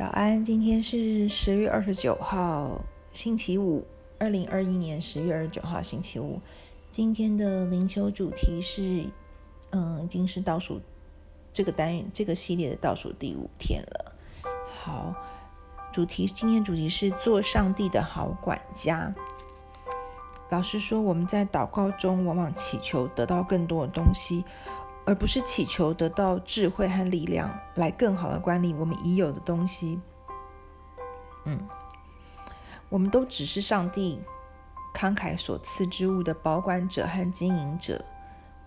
早安，今天是十月二十九號，星期五，二零二一年十月二十九號，星期五。今天的靈修主題是，嗯，已經是倒數這個單元、這個系列的倒數第五天了。好，主題今天主題是做上帝的好管家。老實說，我們在禱告中往往祈求得到更多的東西。而不是祈求得到智慧和力量，來更好地管理我們已有的東西。嗯，我們都只是上帝慷慨所賜之物的保管者和經營者。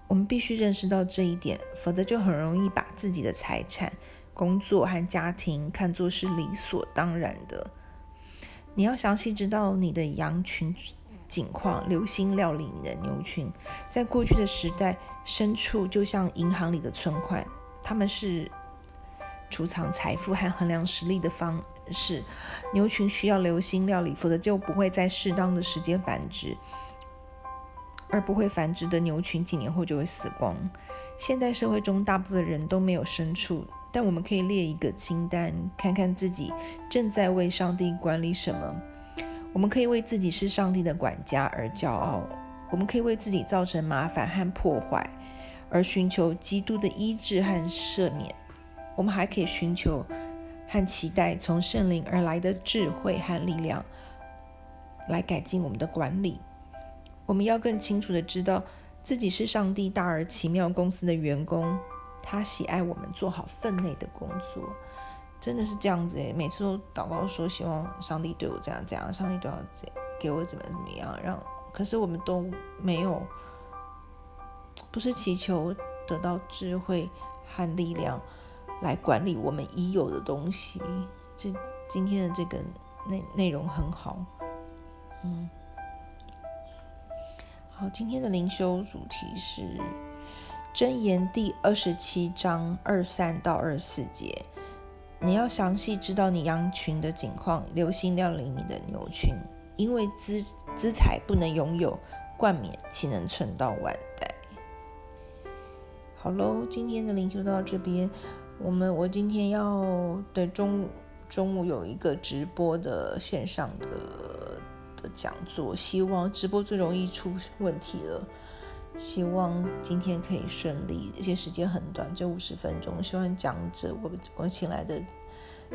我們必須認識到這一點，否則就很容易把自己的財產、工作和家庭看作是理所當然的。你要詳細知道你的羊群，景況，留心料理你的牛群。在過去的時代，牲畜就像銀行裡的存款，它們是儲藏財富和衡量實力的方式。牛群需要留心料理，否則就不會在適當的時間繁殖，而不會繁殖的牛群，幾年後就會死光。現代社會中，大部分人都沒有牲畜，但我們可以列一個清單，看看自己正在為上帝管理什麼。我們可以為自己是上帝的管家而驕傲，我們可以為自己造成麻煩和破壞而尋求基督的醫治和赦免。我們還可以尋求和期待從聖靈而來的智慧和力量，來改進我們的管理。我們要更清楚地知道，自己是上帝大而奇妙公司的員工，他喜愛我們做好份內的工作。真的是這樣子哎！每次都禱告說，希望上帝對我這樣這樣，上帝都要給給我怎麼怎麼樣。讓可是我們都沒有，不是祈求得到智慧和力量來管理我們已有的東西。這今天的這個內內容很好，嗯，好，今天的靈修主題是《箴言》第二十七章二三到二十四節。你要詳細知道你羊群的景況，留心料理你的牛群，因為資資財不能擁有，冠冕豈能存到萬代？好嘍，今天的靈修就到這邊，我們我今天要對中午中午有一個直播的線上的的講座，希望直播最容易出問題了。希望今天可以順利，而且時間很短，就五十分鐘。希望講者我我請來的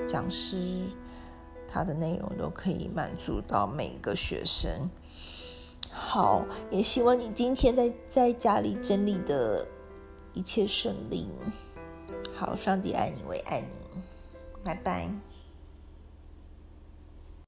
講師，他的內容都可以滿足到每一個學生。好，也希望你今天在在家裡整理的一切順利。好，上帝愛你，我也愛你。拜拜。